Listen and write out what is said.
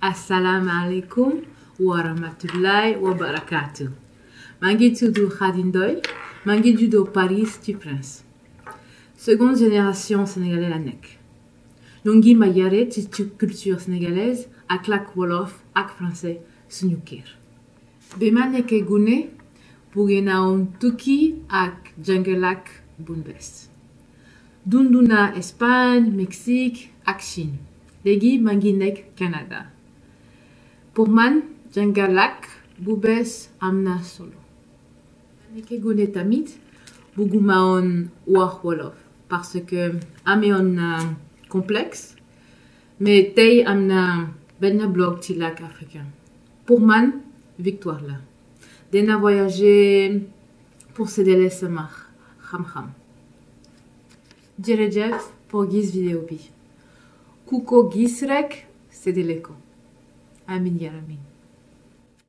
Assalamu alaikum wa rahmatullahi wa barakatuh. maa ngi tudd Khady Paris ci Prince seconde génération sénégalaise la nekk ñu ngi ma yare ci culture sénégalaise ak làkk wolof ak français suñu kër. bi ma nekkee gune bëgg naa woon tukki ak jàng làkk bu bees dundu naa Espagne Mexique ak Chine léegi maa ngi nekk Canada. pour man jàngal làkk bu bees am na solo ma nekkee gone tamit bëgguma woon wax wolof parce que amee woon na euh, complexe mais tey am na benn blog ci làkk africain pour man victoire la dina voyager pour séddale sama xam-xam jërëjëf pour gis vidéo bi ku ko gis rek séddale ko Amin ya